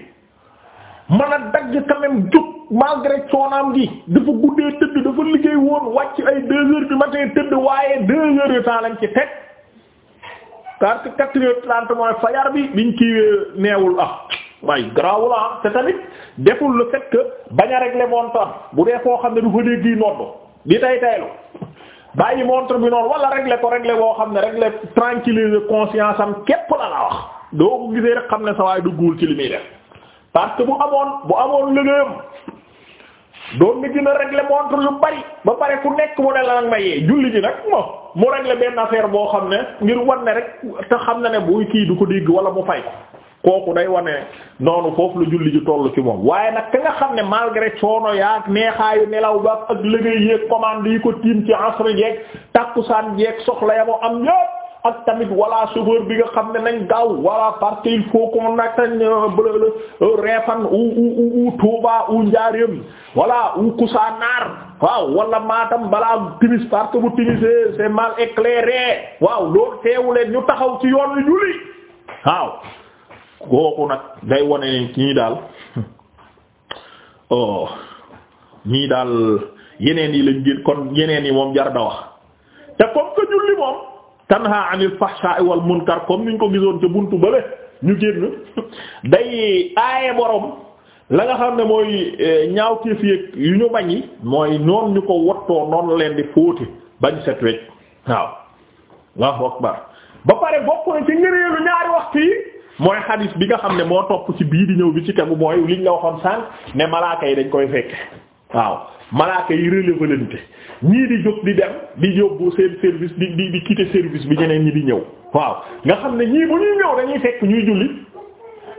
mën a dagg quand jub malgré soonaam gi dafa guddee tëdd dafa liggéey woon wàcc ay deux heures du matin tëdd waaye deux heures de temps lañ ci teg parce que quatre mooy fajar bi biñ kii neewul ah waaye garaawul ah te tamit deful le fait baña bañ a régler bu dee foo xam ne du fa dee kii nodd di tay taylu bàyyi montre bi noonu wala régler ko régler woo xam ne régler tranquilliser conscience am képp la la wax doo ko gisee rek xam ne sa waay dugguwul ci li muy parce que doon na gën a régler montre yu bari ba pare ku nekk mu ne la nag ma yee julli ji nag moom mu régler benn affaire boo xam ne ngir wan ne rek te xam na ne buy kii du ko dégg wala mu fay ko kooku day wane noonu foofu la julli ji toll ci moom waaye nag ka nga xam ne malgré coono yaag neexaayu nelaw ba ak liggéey yeeg commande yi ko tiim ci asri jeeg takkusaan jeeg soxla ya moo am ñëpp ak tamit walla chauffeur bi nga xam ne nañ gaaw walla parce qu'il faut qu'on a euh, euh, Réfane ou ou ou Touba ou Njaaréem walla ou Koussanar waaw wala Matam balaa timis parce que bu timisee c'est mal éclairé waaw loolu teewuleen ñu taxaw ci yoon wi julli waaw kooku nag day wone ni ñii daal oh ñii daal yeneen yi lañ ngir kon yeneen yi moom jar da te comme que julli moom tanha anil fahsha'i wal munkar comme niñ ko gisoon ca buntu bële ñu génn day aaye borom la nga xam ne mooy eh, ñaaw téef yéeg yu ñu bañi mooy noon ñu ko wottoo noonu leen di fóote bañ set wecc waaw Allahu akbar ba pare bokk na ci ngëneelu ñaari waxtu yi mooy xadiis bi nga xam ne moo topp ci bii di ñëw bi ci tegu mooy liñ la waxoon sànq ne malaaka yi dañ koy fekk waaw malaaka yi relevelante ñii di jóg di dem di yóbbu seen service di di di quitter service bi ñeneen ñi di ñëw waaw nga xam ne ñii bu ñuy ñëw dañuy fekk ñuy julli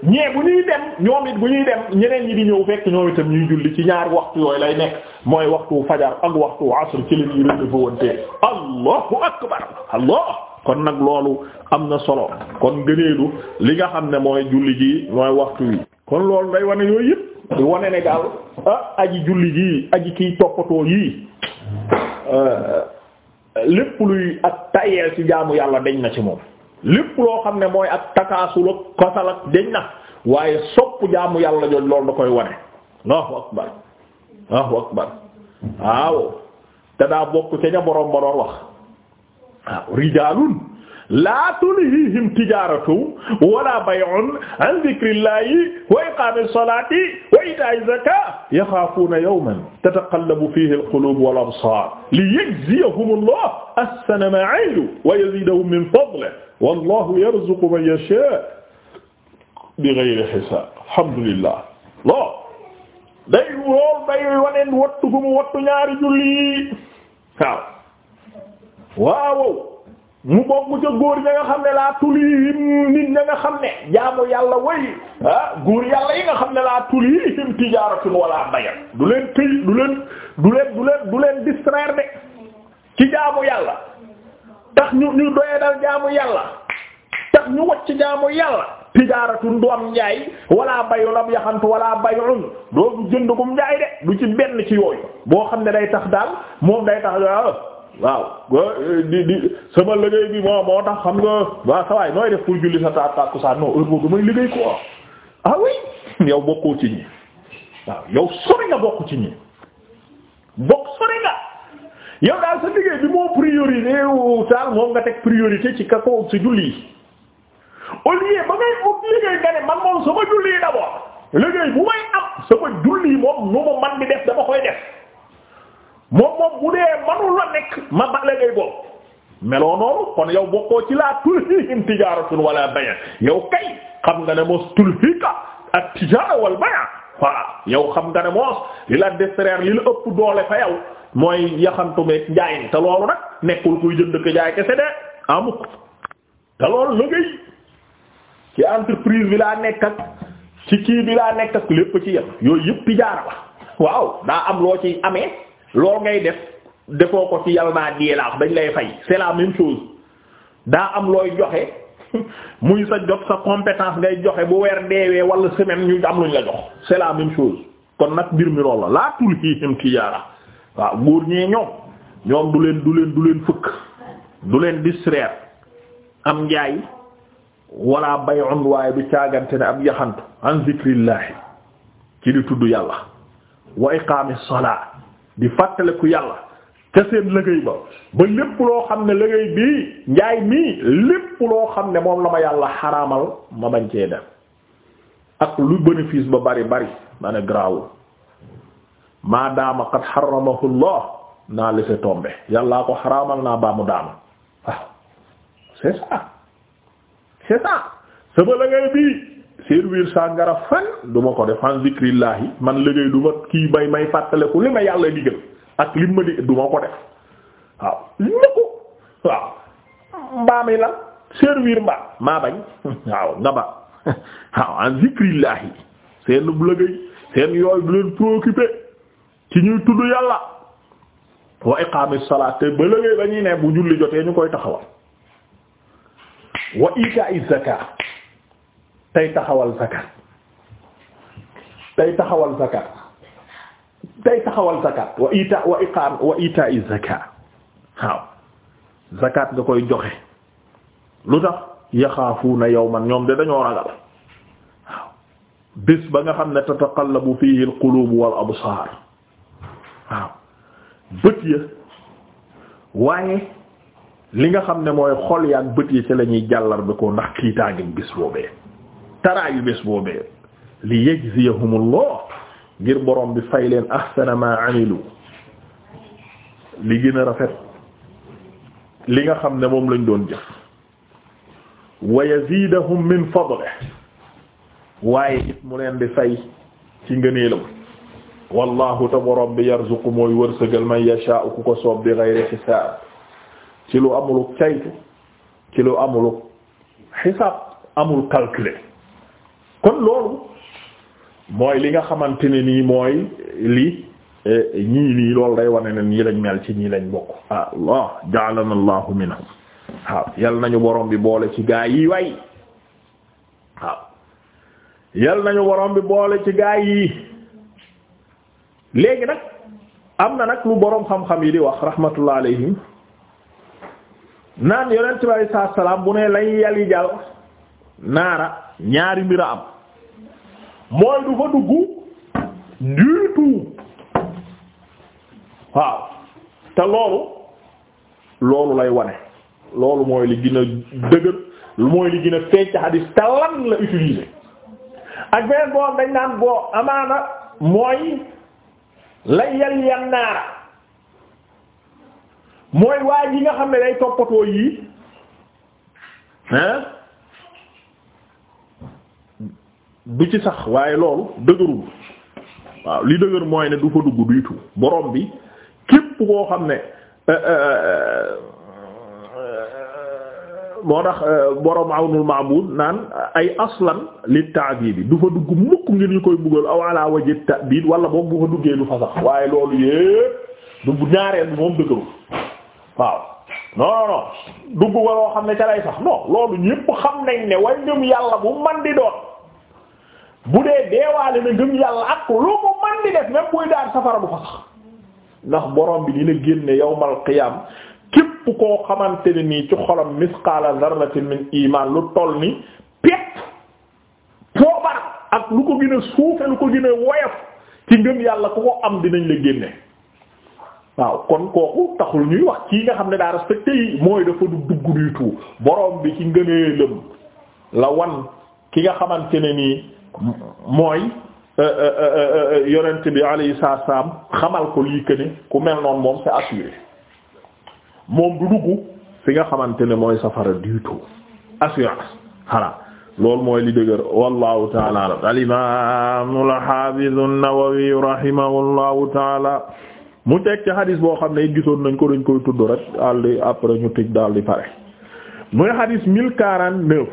ñee bu ñuy dem ñoom it bu ñuy dem ñeneen ñi di ñëw fekk ñoom itam ñuy julli ci ñaar waxtu yooyu lay nekk mooy waxtu fajar ak waxtu asr ci la ñuy relevelante allahu akbar allah kon nag loolu am na solo kon gëneelu li nga xam ne mooy julli ji mooy waxtu wi kon loolu day wane yooyu yëpp di wane ne daal a ah, aji julli ji aji kiy toppatoo yii eh, lépp luy ak tayeel ci jaamu yàlla deñ na ci moom lépp loo xam ne mooy ak takaasul ak kosal ak deñ na waaye sopp jaamu yàlla jooju loolu da koy wane allahu akbar allahu akbar waaw te daa bokk ca ña boroom ba doon wax waaw rijaalun laa tulhihim tijaaratu wala bay'un an dhikrillahi wa iqaamis salaati wa itaa'iz zakaati yaxaafuuna yawman tataqallabu fiihi al-quluub wal absaar liyajziyahumullahu ahsana maa 'amiluu wa yaziidahum min fadlihi wallaahu yarzuqu man yashaa'u bighayri hisaab alhamdulillah lool day lool day waneen wattu gu mu wattu ñaari julli waaw waaw mu bokk ca góor ña nga xam ne laa tulihim nit ña nga xam ne jaamu yàlla way ah góor yàlla yi nga xam ne laa tulihim tijaratun wala bayat du leen tëy du leen du leen du leen de ci jaamu yàlla tax ñu ñu doye dal jaamu yàlla tax ñu wacc jaamu yàlla tijaratun du am njaay wala bayun ab yaxantu wala bayun doo du jënd gum njaay de du ci benn ci yooyu boo xam ne day tax daal moom day tax ah, waaw di di sama liggéey bi moo moo tax xam nga waaw sawaay nooy def pour julli sa ta tàkkusaan non heure boobu damay liggéey ko ah oui yow bokkoo ci ñi waaw yow sori nga bokk ci ñi bokk sori nga yow daal sa liggéey bi moo priorité taal moom nga teg priorité ci ka ko sa julli yi au ba ngay ut nga ne man moom sama julli yi d'abord liggéey bu may am sama julli moom nu ma man di def dama koy def moom moom bu dee manu la nekk ma bale ngay bopp meloo noonu kon yow bokkoo ci laa tulhihim tijaratun wala bay' yow kay xam nga ne moos tulhika ak tijara wal bay' voilà yow xam nga ne moos li la distraire li la ëpp doole fa yow mooy yaxantumeeg njaay te loolu nag nekkul kuy jënd ko jaay kese de amuk te loolu liggéey ci entreprise bi laa nekk ak nekk ak lépp ci yem yooyu yëpp tijaara la waaw daa am loo ci amee lool ngay def defoo ko ci yàlla naa dañ lay fay selaa la chose daa am looy joxe muy sa jot sa compétence ngay joxe bu weer deewee wala semaine ñu am luñ la jox c'est la même chose kon nag mbir mi lool la laa tulhiihim tijaara waaw góor ñee ñoom ñoom du leen du leen du leen fëkk du leen distraire am njaay wala bay'un waaye du càggante ne ab yaxantu an zikrillahi ci di tudd yàlla wa iqaamis salaa di fàttaliku yàlla ca seen liggéey ba ba lépp loo xam ne liggéey bii njaay mii lépp loo xam ne moom la ma yàlla xaraamal ma bañ cee dem ak lu bénéfice ba bari bari ma ne grawul maadaama qad naa laisser tomber yàllaa ko xaraamal naa baa mu daama waaw c'est ça c'est ça sama liggéey bii servir sàngara fan du ma ko def an zikrillahi man liggéey du ma kii may may fàttaleku li ma yàlla digal ak li ma di du ma ko def waaw li ma ko waaw mbaami la servir mbaam maa bañ waaw nga ba waaw an zikrillahi seen liggéey seen yooyu du leen préoccupé ci ñuy tudd yàlla wa iqamis salat te ba liggéey ba ne bu julli jotee ñu koy taxawal wa ita'iz zakat tey taxawal zakat tey taxawal zakat wa ita wa iqam wa ita'i waaw zakat nga koy joxe lu tax yaxaafuuna yawman ñoom de dañoo ragal waaw bis ba nga xam ne tataqallabu fihi alqulub wal absar waaw bët ya waaye li nga xam ne mooy xol yaak bët yi ci la ñuy jàllar bi ko ndax kiitaangi bis boobee taraayu bés boobee li yajziyahumullah ngir borom bi fay leen ahsana ma amilu li gën rafet li nga xam ne moom lañ doon jëf wa yazidahum min fadlihi waaye it mu leen di fay ci ngëneelam wallahu te borom bi yarzuqu mooy wërsëgal man yashaa'u ku ko soob bi ghayri xisaab ci lu amuluk caytu ci lu amuluk xisaab kon loolu mooy li nga xamante ne nii mooy li e, ñii nii lool day wane ne ñii lañ mel ci ñii lañ bokk ah, allah ja'alana allahu minhum waaw yal nañu borom bi boole ci gaa yi way waaw nañu borom bi boole ci gaa yi léegi nag am na nag lu borom xam-xam yi di wax rahmatullah alayhim naan yonent bi alayhi salaam bu ne lañ yali jal naara ñaari mbir am mooy du fa dugg du waaw te loolu loolu lay wane loolu mooy li gën a dëgër mooy li gën a feeñ ci hadis te la utiliser ak beneen boo dañ naan boo amaana mooy lay yal yan mooy waa yi nga xam ne day toppatoo yii hein du ci sax waaye loolu dëgërul waaw li dëgër mooy ne du fa dugg du itu borom bi képp koo xam ne euh, euh, euh, moo tax borom awnul maabud naan ay aslan li ta'dib bi du fa dugg mukk ngir ñu koy buggal aw ala wajhi ta'bid wala boog bu fa duggee du fa sax waaye loolu yépp dugg ñaareel moom dëgërul waaw non non dugg ba loo xam ne ca lay sax non loolu ñépp xam nañ ne way ngëm yàlla bu man di doon bu dee deewaale na ngëm yàlla ak lu mu man di def même buy daan safara bu fa sax ndax borom bi dina génne yawmal qiyaam képp koo xamante ne nii ci xolam misqaala zarratin min iman lu toll ni pepp poobar ak lu ko gën a suufe lu ko gën woyof ci ngëm yàlla ku ko am dinañ la génne waaw kon kooku taxul ñuy wax kii nga xam ne daal respecté yi mooy dafa dugg du tout borom bi ci ngëneelam la wan ki nga xamante ne nii mooy euh, euh, euh, yonent bi alayhi salaam xamal ko lii que ne ku mel noonu moom c'est assuré moom du dugg fi nga xamante ne mooy safara du tout assurance xanaa loolu mooy li dëgër wallahu taala alam al imam al nawawi rahimahullahu taala mu teg ci xadis boo xam ne gisoon nañ ko dañ koy tudd rek daal di après ñu tëj daal di pare muy xadis mille quarante-neuf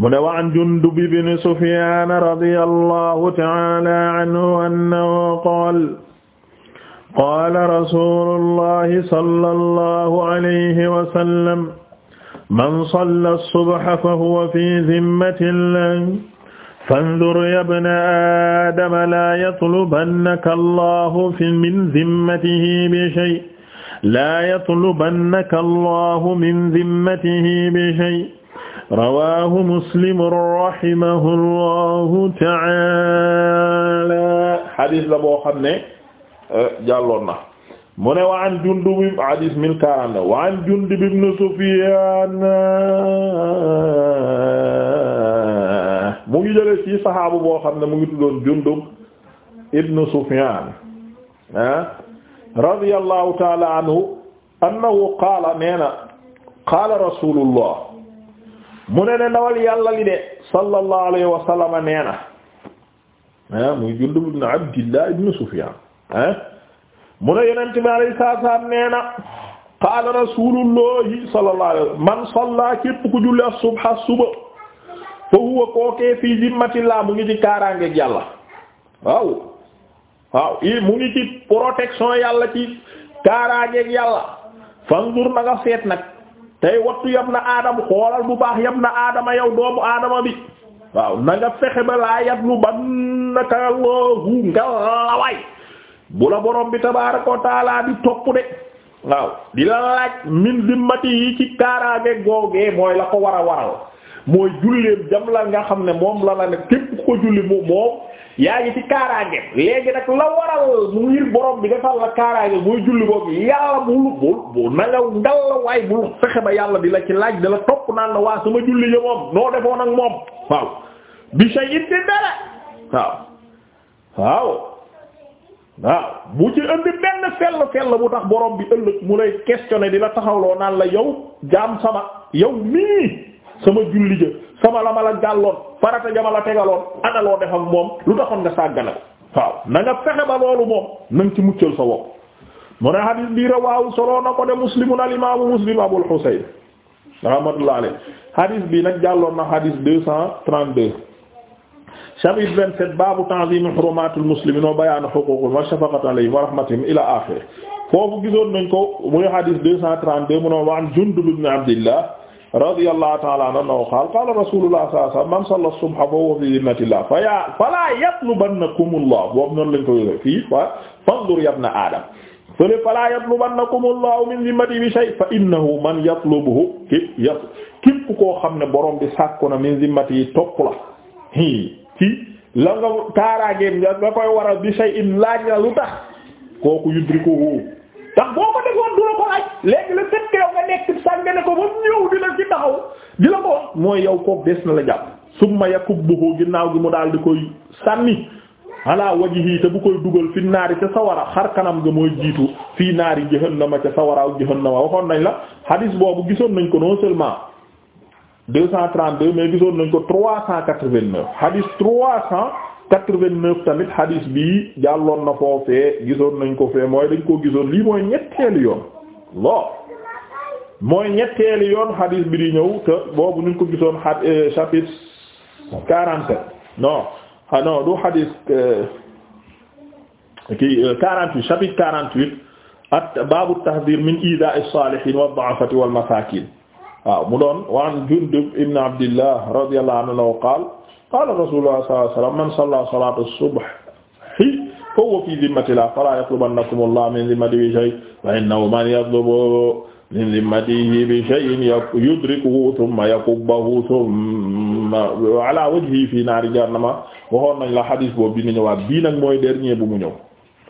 mu ne wa an Jundub ibn Sufyaan radiyallahu ta'ala anhu annahu qaala qaala rasuulullahi sallallahu alayhi wa sallam man salla as-subha fa huwa fi dhimmatin lahu fanzur ya ibna aadama laa yatlubannaka Allahu min dhimmatihi bi shay'in laa yatlubannaka Allahu min dhimmatihi bi shay'in rawaahu muslim rahimahullahu ta'ala hadis la boo xam ne euh, jàlloon na mu ne wa an Jundub hadis mille quarante wa an Jundub ibn Sufyan mu ngi jëlee ci saxaabu boo xam ne mu ngi tuddoon Jundub ibn Sufyan ah radiyallahu ta'ala anhu annahu qaala nee na qaala rasulullah mu ne ne ndawal yàlla li de sallallahu alayhi wa sallam nee na ah muy Jundub Abdillah ibn Sufyan ah mu ne yonent bi alayhi salaam nee qaala rasulullahi sallallahu alayhi man salla képp ku julli as-subha suba fa huwa kookee fii zimmatillah mu ngi ci kaaraangeeg yàlla waaw mu ngi ci protection yàlla ci kaaraangeeg yàlla fandur na nga seet nag tey wattu yam na aadama xoolal bu baax yam na aadama yow doomu aadama bi waaw na nga fexe ba laa yatlu bannaka Allahu nga lawaay bu la borom bi tabaaraka wa taala di topp de waaw di la laaj min dimmati yi ci kaaraange googee mooy la ko war a waral mooy julleem jam la nga xam ne moom la la ne képp ko julli moom yaa ngi ci kaaraange léegi nag la waral mu ngir borom bi defal la kaaraange booy julli boobu yàlla bul bul bul na nga ngal la waaye bul fexe ba yàlla di la ci laaj da la topp naan la waa sama julli ja moom noo defoon ak moom waaw bi sa it di waaw waaw waaw bu ci indi benn fell fell bu tax borom bi ëllëg mu lay questionner di la taxawloo naan la yow jaam sama yow mii sama julli jë sama la ma la gàlloon farata jama la tegaloon ana loo def moom lu taxoon nga sàggana ko waaw na nga fexe ba loolu moom na ci muccal sa bopp mu ne hadis bi rawaahu soloo na ko de muslimun al imaamu muslim abul husayn rahmatullah alayh hadis bi nag jàlloon na hadis deux cent trente-deux chapitre vingt-sept baabu ta'zim hurumatul muslimin wa bayan huquqihim wa shafaqati alayhim wa rahmatihim ila akhirih foofu gisoon nañ ko muy hadis deux cent trente-deux mu ne waan Jundub radiyallahu ta'ala anhu qaala qaala rasulullah sallallahu alayhi wasallam man salla subha wa huwa fi zimmatillah fa yaa fala yatlubannakumullah boobu noonu lañ ko yore fii fa fanzur ya ibna aadam fële fala yatlubannakumullahu min zimmati bi shay fa innahu man yatlubuhu képp yat képp koo xam ne borom bi sàkku na min zimmati yi topp la hi ci la nga kaaraangeem nga koy waral bi shay in laaj la lu tax kooku yudrikuhu ndax boo ko defoon du la ko laaj léegi la fekk yow nga nekk sànge la ko ba ñëw di la ci taxaw di la ko mooy yow kooku des na la jàpp summa yakubbuhu ginnaaw gi mu daal di koy sànni ala wajhi te bu koy dugal fi naari ca sawara xar kanam nga mooy jiitu fii naari jahannama ca sawaraaw jahannama waxoon nañ la hadis boobu gisoon nañ ko non seulement 232 mais gisoon nañ ko 389 hadis 300. quatre-vingt-neuf tamit hadis bi jàlloon na foofee gisoon nañ ko fee mooy dañ ko gisoon lii mooy ñetteelu yoon loo mooy ñetteelu yoon hadis bi di ñëw te boobu nuñ ko gisoon had eh, chapitre quarante-sept non ah non du hadis eh, kii euh, quarante-huit chapitre quarante-huit at baabu tahdhir min iidaa'i saalihiin wad-du'afaati wal masaakiin waaw mu doon waan Jundub ibn Abdillah radiyallahu anhu qaala qaala rasuulullah sallallahu alayhi wa sallam man salla salaata subhi fa huwa fi zimmatillah falaa yatlubannakumullahu min zimmatihi shay fa innahu man yatlubu min zimmatihi bi shay'in yudrikuhu thumma yakubbahu thumma ala wajhihi fi naari jahannama waxoon nañ la xadiis boobu dina ñëwaat bii nag mooy dernier bu mu ñëw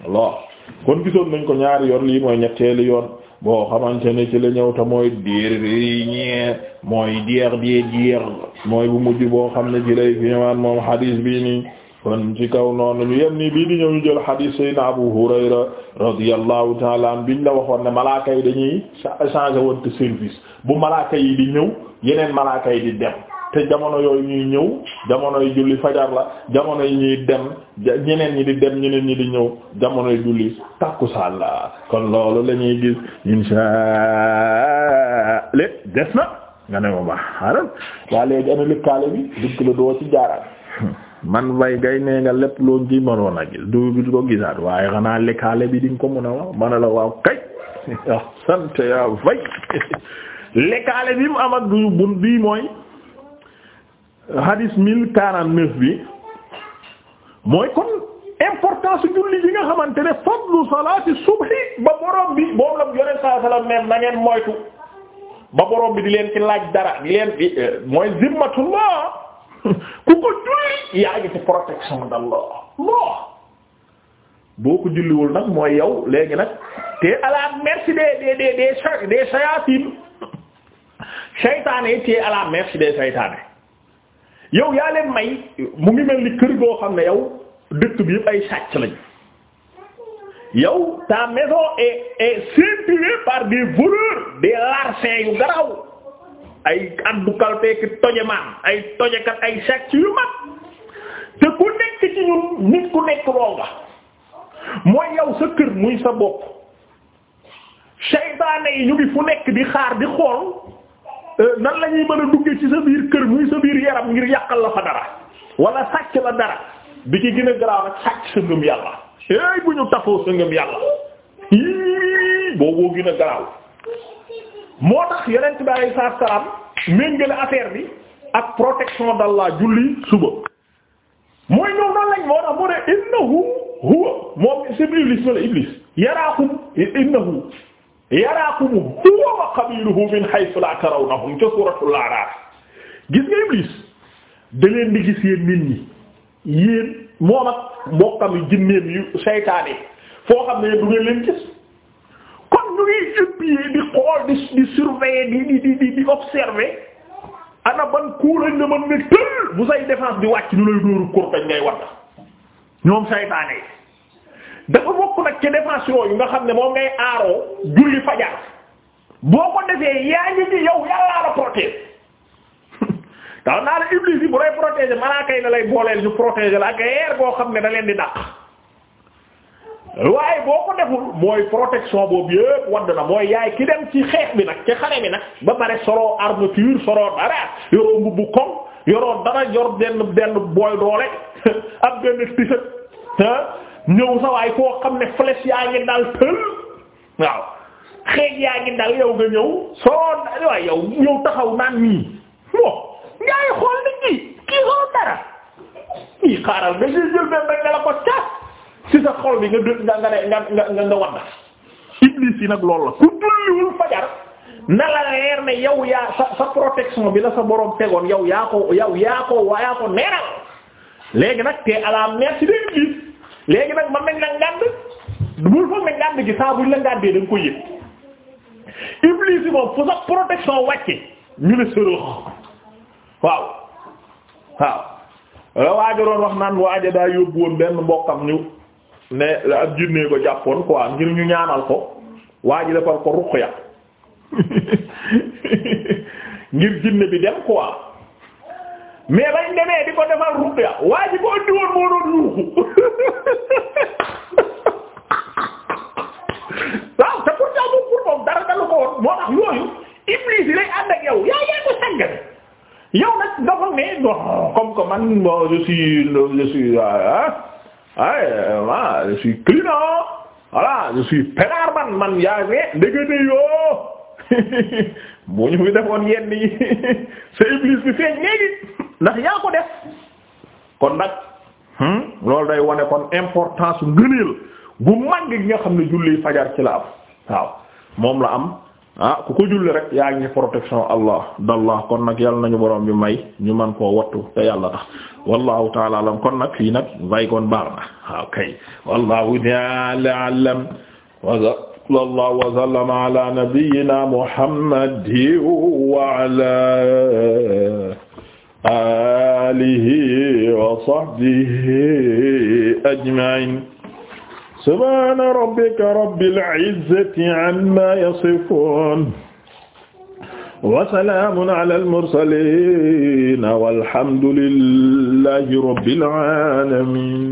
Allah kon gisoon nañ ko ñaari yoon lii mooy ñetteelu yoon boo xamante ne ci la ñëw ta mooy diir ñee mooy diir diir diir mooy bu mujj boo xam ne ci lay fi ñëwaat moom xadiis bi nii kon ci kaw noonu ñu yem nii bii di ñëw ñu jël xadiis sayna Abu Hurayra radiyallahu taala an biñ la waxoon ne malaaka yi dañuy changer wante service bu malaaka yi di ñëw yeneen malaaka yi di dem te jamono yooyu ñuy ñëw jamonoy julli fajar la jamono yi ñuy dem ñeneen ñi di dem ñeneen ñi di ñëw jamonoy julli tàkkusaan la kon loolu la ñuy gis insha lépp des na nga ne ma baax xaaral waa léegi ana lëkkaale bi dikk la doo ci man lépp loo ngi mënoon a du gisaat waaye xanaa lëkkaale bi di ko mën a la waaw kay ah, sant bi mu am ak duyu bun bii mooy hadis mille quarante neuf bi mooy kon importance julli yi nga xamante ne fadlu salaati subhi ba borom bi boobu la yore saa salaam ne na moytu ba borom bi di leen ci laaj dara di leen euh, mooy zimmatullah ku ko julli yaa ngi protection d'Allah non boo ko julliwul nag mooy yow léegi nag te à la merci des des des des des te à merci des seytaane yow yaa leen may mu ngi mel ni kër goo xam ne yow dëkk bi yëpp ay sàcc lañ yow ta maison est est ceinturée par des voleurs des larcins yu garaw ay addu kalteeki toje ay tojekat ay sàcc yu mag te ku nekk ci ñun nit ku nekk loo mooy yow sa kër muy sa bopp seytaane yi ñu ngi fu nekk di xaar di xool Euh, nan la ñuy a dugge ci sa biir kër muy sa biir yaram ngir yàqal la fa dara wala sàcc la dara bi ci gën a garaaw nag sàcc sa yàlla éy bu ñu tafoo sa ngëm yàlla booboo gën garaaw moo tax yonent bi alayhi salaatu salaam méngale affaire bi ak protection d'Allah julli suba mooy noonu lañ moo tax mu ne innahu huwa moom c'est iblis wala iblis yaraakum innahu yaraakumu huwa wa qabiluhu min haythu la tarawnahum ca suratul a'raf gis nga iblis da leen di gis yéen nit ñi yéen moom ak mbokkam yu jinneem yu seytaane foo xam ne du ngeen leen gis kon ñu ngi épier di xool di di surveiller di di di observer ana ban kuurañ la mën nga tël bu say défense di wàcc ñu lay dóoru kurtañ ngay watta ñoom seytaane dafa bokk nag ci défense yooyu nga xam ne moom ngay aaroo yi fajar boo ko defee yaa ngi yow yàllaa la protéger tax naa la iblis yi bu lay la lay booleel xam ne da leen di dàq waaye boo ko deful mooy protection boobu yépp wadd na mooy yaay ki dem ci xeex bi nag ci xare bi nag ba pare solo armature solo dara yoroo mbubu koŋ yoroo dara yor benn benn booy doole ab benn t-shirt ñëw sa waay koo xam ne flèche yaa ngi dal tël waaw xeej yaa ngi dal yow nga ñëw soo waay yow yow taxaw naan nii bon ngay xool nit ñi kii xool dara kii xaaral nga nga bi nga dë nga nga nga nga wadda iblis yi nag loolu la ku julliwul fajar na la leer ne yow yaa sa sa protection bi la sa borom tegoon yow yaa ko yow yaa ko yaa ko neeral léegi nag te à la merci de iblis léegi nag man nañ la ngànd bul foog ne ngànd gi saa buñ la ngàndee da nga koy yëg Iblis yi moom fu sax protection wàcce ñu ne sërëx waaw waaw la waajo doon wax naan waaja daa yóbbu woon benn mbokkam ñu ne ab jinnee ko jàppoon quoi ngir ñu ñaanal ko waaj defal ko ruqya ngir jinne bi dem quoi mais lañ di ko defal ruqya waa ji ko andi woon moo doon yuuxu waaw te pourtant moom pour moom dara dalu ko woon moo tax yooyu iblis yi lay ànd ak yow yaa yaa ko sàngal man bon ah ah je suis clean voilà je suis man man yaa ngi ne ndekete yoo. bu ñu fi defoon yenn yi sa iblis bi feeñ léegi ndax yaa ko def kon nag hmm, loolu day wane kon importance ngëneel gu màgg gi nga xam ne julli fajar ci la am waaw moom la am ah ku ko julli rek yaa ngi protection allah dallah kon nag yàlla nañu borom bi may ñu man koo wattu te yàlla tax wallahu taala kon nag fii nag vay kon baax na waaw ah, kay wallahu taala alam sallallahu wa sallama ala nabiyyina muhammadin wa ala alihi wa sahbihi ajma'in subhana rabbika rabbil izzati amma yasifun wa salaamun alal mursaliin walhamdu lillaahi rabbil aalamiin